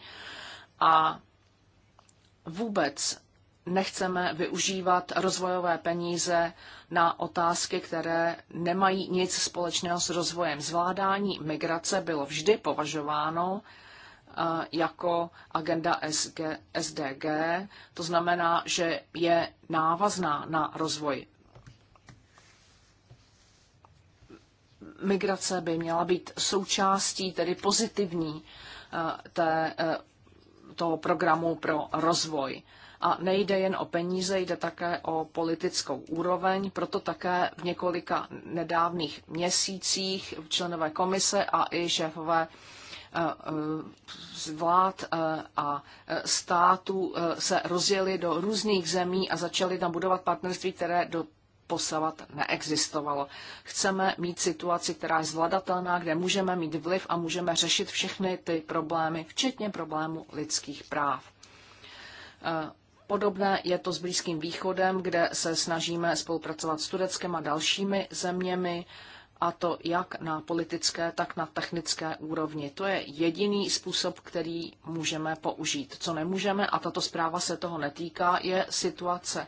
A vůbec nechceme využívat rozvojové peníze na otázky, které nemají nic společného s rozvojem. Zvládání migrace bylo vždy považováno eh, jako agenda SDG, to znamená, že je návazná na rozvoj. Migrace by měla být součástí, tedy pozitivní, eh, té, eh, toho programu pro rozvoj a nejde jen o peníze, jde také o politickou úroveň, proto také v několika nedávných měsících členové komise a i šéfové eh, eh, vlád eh, a států se rozjeli do různých zemí a začali tam budovat partnerství, které do posavat neexistovalo. Chceme mít situaci, která je zvladatelná, kde můžeme mít vliv a můžeme řešit všechny ty problémy, včetně problému lidských práv. Podobné je to s Blízkým východem, kde se snažíme spolupracovat s Tureckem a dalšími zeměmi, a to jak na politické, tak na technické úrovni. To je jediný způsob, který můžeme použít. Co nemůžeme, a tato zpráva se toho netýká, je situace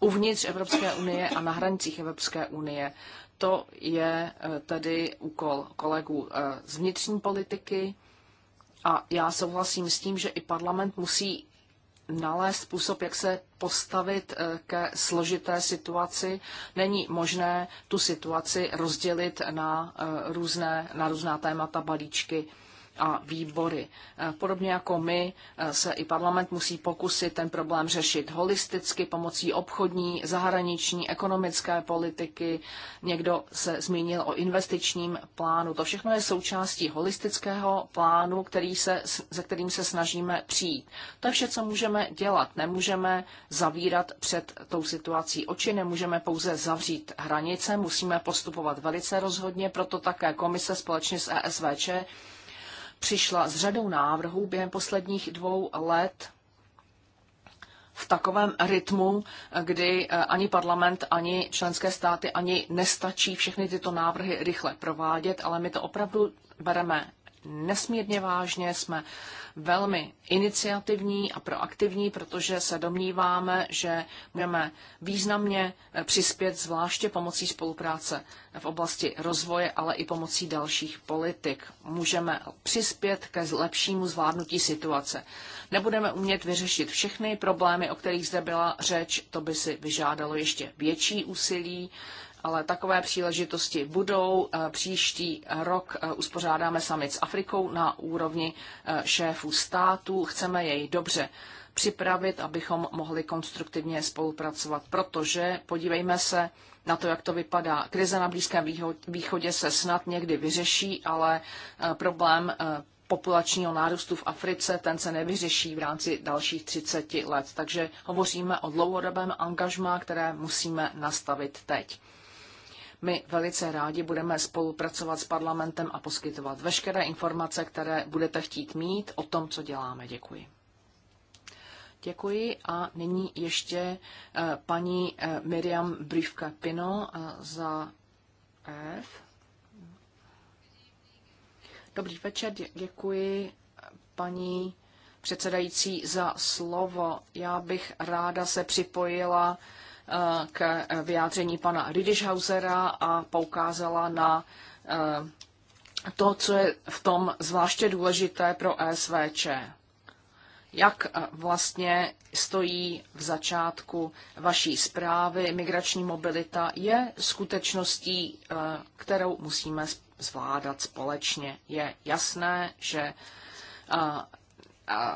uvnitř Evropské unie a na hranicích Evropské unie. To je eh, tedy úkol kolegů eh, z vnitřní politiky a já souhlasím s tím, že i parlament musí nalézt způsob, jak se postavit eh, ke složité situaci. Není možné tu situaci rozdělit na eh, různé, na různá témata, balíčky a výbory. Eh, podobně jako my eh, se i parlament musí pokusit ten problém řešit holisticky pomocí obchodní, zahraniční, ekonomické politiky. Někdo se zmínil o investičním plánu. To všechno je součástí holistického plánu, který se, se kterým se snažíme přijít. To je vše, co můžeme dělat. Nemůžeme zavírat před tou situací oči, nemůžeme pouze zavřít hranice, musíme postupovat velice rozhodně, proto také komise společně s ESVČ přišla s řadou návrhů během posledních dvou let v takovém rytmu, kdy eh, ani parlament, ani členské státy, ani nestačí všechny tyto návrhy rychle provádět, ale my to opravdu bereme nesmírně vážně, jsme velmi iniciativní a proaktivní, protože se domníváme, že můžeme významně eh, přispět zvláště pomocí spolupráce v oblasti rozvoje, ale i pomocí dalších politik. Můžeme přispět ke lepšímu zvládnutí situace. Nebudeme umět vyřešit všechny problémy, o kterých zde byla řeč, to by si vyžádalo ještě větší úsilí, ale takové příležitosti budou. Eh, příští rok eh, uspořádáme summit s Afrikou na úrovni eh, šéfů států. Chceme jej dobře připravit, abychom mohli konstruktivně spolupracovat, protože podívejme se na to, jak to vypadá. Krize na Blízkém východě se snad někdy vyřeší, ale problém populačního nárůstu v Africe, ten se nevyřeší v rámci dalších 30 let. Takže hovoříme o dlouhodobém angažmá, které musíme nastavit teď. My velice rádi budeme spolupracovat s parlamentem a poskytovat veškeré informace, které budete chtít mít o tom, co děláme. Děkuji. Děkuji a nyní ještě eh, paní eh, Miriam brivka Pino eh, za F. Dobrý večer, děkuji paní předsedající za slovo. Já bych ráda se připojila k vyjádření pana Riedishausera a poukázala na eh, to, co je v tom zvláště důležité pro ESVČ. Jak eh, vlastně stojí v začátku vaší zprávy, migrační mobilita je skutečností, eh, kterou musíme zvládat společně. Je jasné, že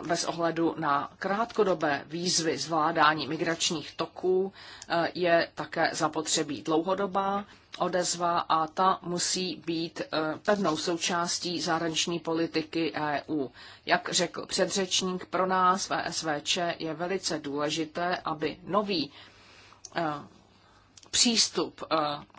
bez ohledu na krátkodobé výzvy zvládání migračních toků e, je také zapotřebí dlouhodobá odezva a ta musí být e, pevnou součástí zahraniční politiky EU. Jak řekl předřečník, pro nás VSVČ e je velice důležité, aby nový přístup eh,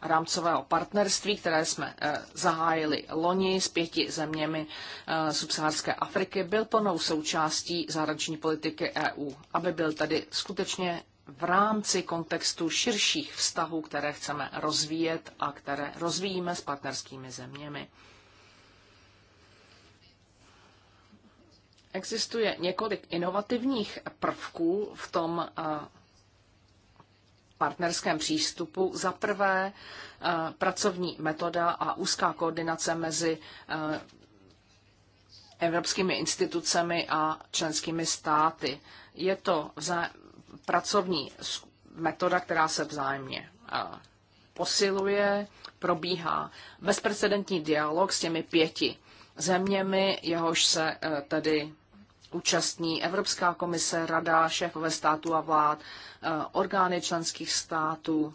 rámcového partnerství, které jsme eh, zahájili loni s pěti zeměmi eh, subsaharské Afriky, byl plnou součástí zahraniční politiky EU, aby byl tady skutečně v rámci kontextu širších vztahů, které chceme rozvíjet a které rozvíjíme s partnerskými zeměmi. Existuje několik inovativních prvků v tom partnerském přístupu. Za prvé eh, pracovní metoda a úzká koordinace mezi eh, evropskými institucemi a členskými státy. Je to pracovní metoda, která se vzájemně eh, posiluje, probíhá bezprecedentní dialog s těmi pěti zeměmi, jehož se tedy účastní Evropská komise, Rada, šéfové států a vlád, eh, orgány členských států,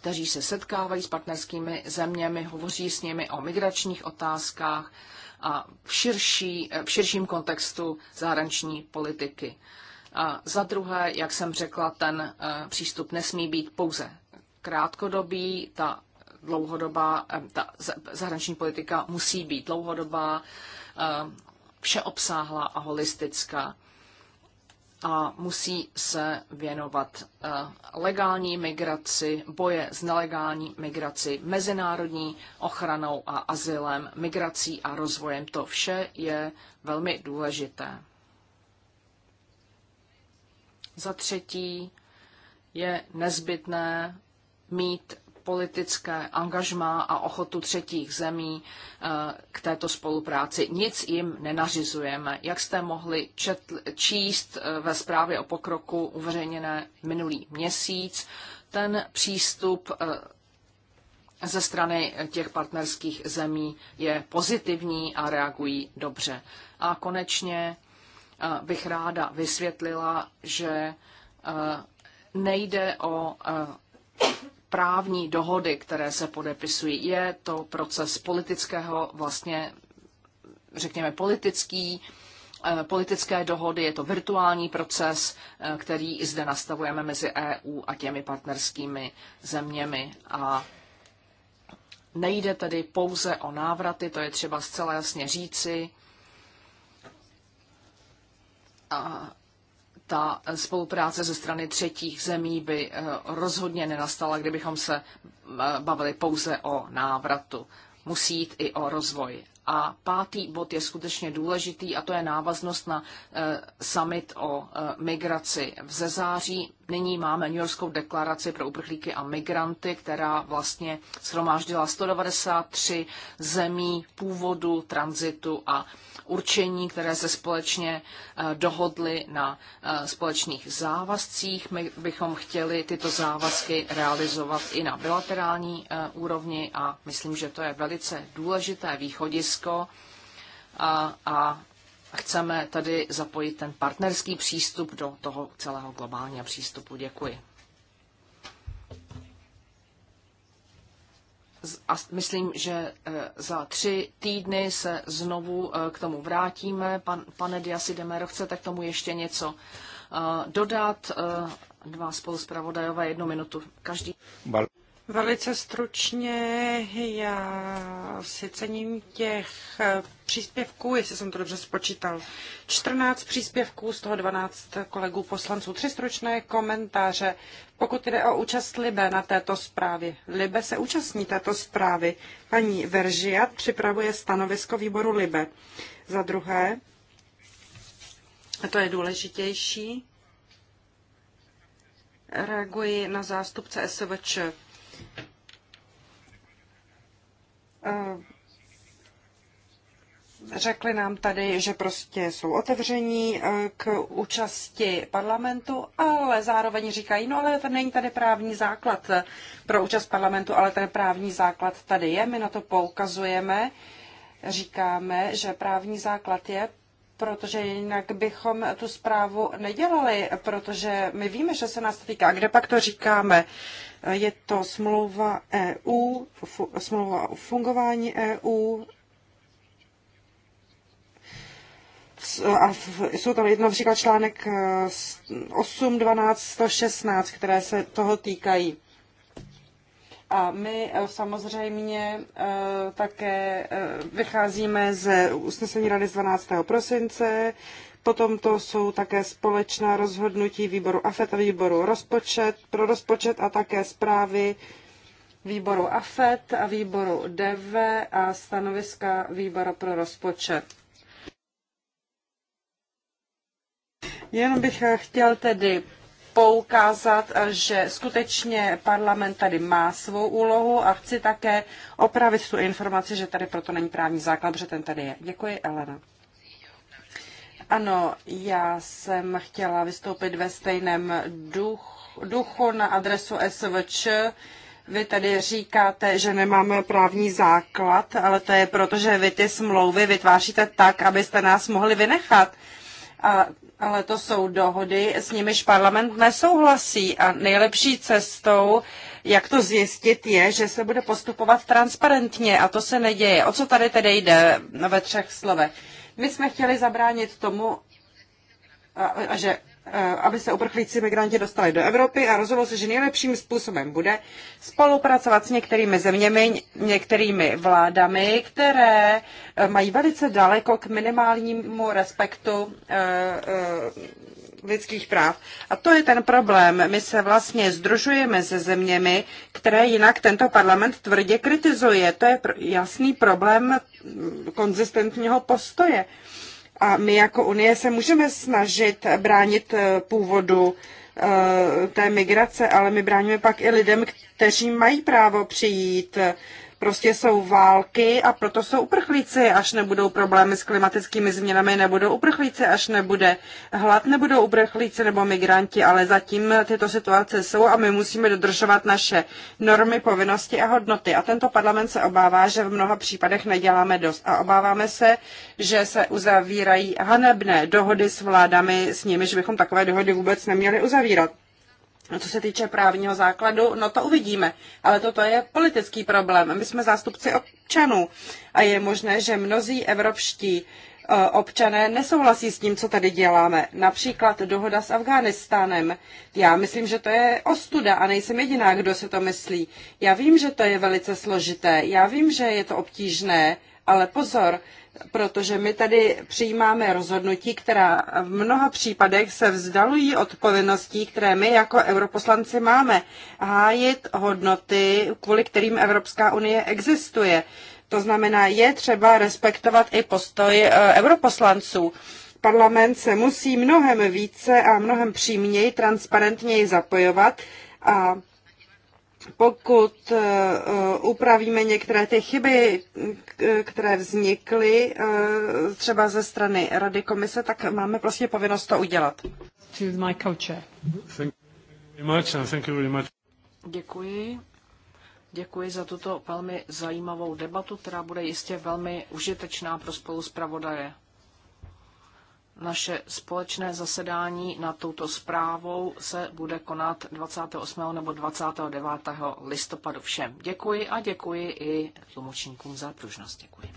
kteří se setkávají s partnerskými zeměmi, hovoří s nimi o migračních otázkách a v, širší, eh, v širším kontextu zahraniční politiky. A za druhé, jak jsem řekla, ten eh, přístup nesmí být pouze krátkodobý, ta dlouhodobá, ta zahraniční politika musí být dlouhodobá, všeobsáhlá a holistická a musí se věnovat eh, legální migraci, boje s nelegální migraci, mezinárodní ochranou a azylem, migrací a rozvojem. To vše je velmi důležité. Za třetí je nezbytné mít politické angažmá a ochotu třetích zemí eh, k této spolupráci. Nic jim nenařizujeme. Jak jste mohli četl, číst eh, ve zprávě o pokroku uveřejněné minulý měsíc, ten přístup eh, ze strany těch partnerských zemí je pozitivní a reagují dobře. A konečně bych ráda vysvětlila, že nejde o právní dohody, které se podepisují. Je to proces politického, vlastně řekněme politický, eh, politické dohody, je to virtuální proces, eh, který zde nastavujeme mezi EU a těmi partnerskými zeměmi. A nejde tedy pouze o návraty, to je třeba zcela jasně říci. A ta spolupráce ze strany třetích zemí by eh, rozhodně nenastala, kdybychom se eh, bavili pouze o návratu. Musí jít i o rozvoj. A pátý bod je skutečně důležitý a to je návaznost na eh, summit o eh, migraci. V září nyní máme New Yorkskou deklaraci pro uprchlíky a migranty, která vlastně shromáždila 193 zemí původu, tranzitu a určení, které se společně eh, dohodly na společných závazcích. My bychom chtěli tyto závazky realizovat i na bilaterální úrovni a myslím, že to je velice důležité východisko blízko a, a chceme tady zapojit ten partnerský přístup do toho celého globálního přístupu. Děkuji. A myslím, že e, za tři týdny se znovu e, k tomu vrátíme. Pan, pane Diasi Demero, chcete k tomu ještě něco e, dodat? Dva spoluzpravodajové, jednu minutu každý. Velice stručně, já si cením těch eh, příspěvků, jestli jsem to dobře spočítal, 14 příspěvků, z toho 12 kolegů poslanců, tři stručné komentáře. Pokud jde o účast Libe na této zprávě, Libe se účastní této zprávy. Paní Veržiat připravuje stanovisko výboru Libe. Za druhé, a to je důležitější, reaguji na zástupce SVČ Řekli nám tady, že prostě jsou otevření eh, k účasti parlamentu, ale zároveň říkají, no ale to není tady právní základ eh, pro účast parlamentu, ale ten právní základ tady je, my na to poukazujeme říkáme, že právní základ je protože jinak bychom tu zprávu nedělali, protože my víme, že se nás to týká. Kde pak to říkáme? Je to smlouva EU, smlouva o fungování EU, a jsou tam jedno například článek 8, 12, 116, které se toho týkají. A my eh, samozřejmě eh, také eh, vycházíme z usnesení Rady z 12. prosince, Potom to jsou také společná rozhodnutí výboru AFET a výboru rozpočet, pro rozpočet a také zprávy výboru AFET a výboru DV a stanoviska výboru pro rozpočet. Jenom bych chtěl tedy poukázat, že skutečně parlament tady má svou úlohu a chci také opravit tu informaci, že tady proto není právní základ, že ten tady je. Děkuji, Elena. Ano, já jsem chtěla vystoupit ve stejném duchu, duchu na adresu SVČ. Vy tady říkáte, že nemáme právní základ, ale to je proto, že vy ty smlouvy vytváříte tak, abyste nás mohli vynechat. A ale to jsou dohody, s nimiž parlament nesouhlasí a nejlepší cestou, jak to zjistit, je, že se bude postupovat transparentně a to se neděje. O co tady tedy jde ve třech slovech? My jsme chtěli zabránit tomu, a, a že Eh, aby se uprchlíci migranti dostali do Evropy a rozhodlo se, že nejlepším způsobem bude spolupracovat s některými zeměmi, některými vládami, které eh, mají velice daleko k minimálnímu respektu eh, lidských práv. A to je ten problém. My se vlastně združujeme se zeměmi, které jinak tento parlament tvrdě kritizuje. To je jasný problém hm, konzistentního postoje. Uh, a my jako Unie se můžeme snažit bránit eh, původu eh, té migrace, ale my bráníme pak i lidem, kteří mají právo přijít. Prostě jsou války a proto jsou uprchlíci, až nebudou problémy s klimatickými změnami, nebudou uprchlíci, až nebude hlad, nebudou uprchlíci nebo migranti, ale zatím tyto situace jsou a my musíme dodržovat naše normy, povinnosti a hodnoty. A tento parlament se obává, že v mnoha případech neděláme dost a obáváme se, že se uzavírají hanebné dohody s vládami, s nimiž bychom takové dohody vůbec neměli uzavírat. No, co se týče právního základu, no to uvidíme. Ale toto je politický problém. My jsme zástupci občanů a je možné, že mnozí evropští eh, občané nesouhlasí s tím, co tady děláme. Například dohoda s Afghánistánem. Já myslím, že to je ostuda a nejsem jediná, kdo se to myslí. Já vím, že to je velice složité, já vím, že je to obtížné, ale pozor, protože my tady přijímáme rozhodnutí, která v mnoha případech se vzdalují od povinností, které my jako europoslanci máme. Hájit hodnoty, kvůli kterým Evropská unie existuje. To znamená, je třeba respektovat i postoj eh, europoslanců. Parlament se musí mnohem více a mnohem přímněji, transparentněji zapojovat a pokud eh, eh, upravíme některé ty chyby, které vznikly eh, třeba ze strany Rady komise, tak máme prostě povinnost to udělat. Děkuji. Děkuji za tuto velmi zajímavou debatu, která bude jistě velmi užitečná pro zpravodaje. Naše společné zasedání nad touto zprávou se bude konat 28. nebo 29. listopadu všem. Děkuji a děkuji i tlumočníkům za pružnost. Děkuji.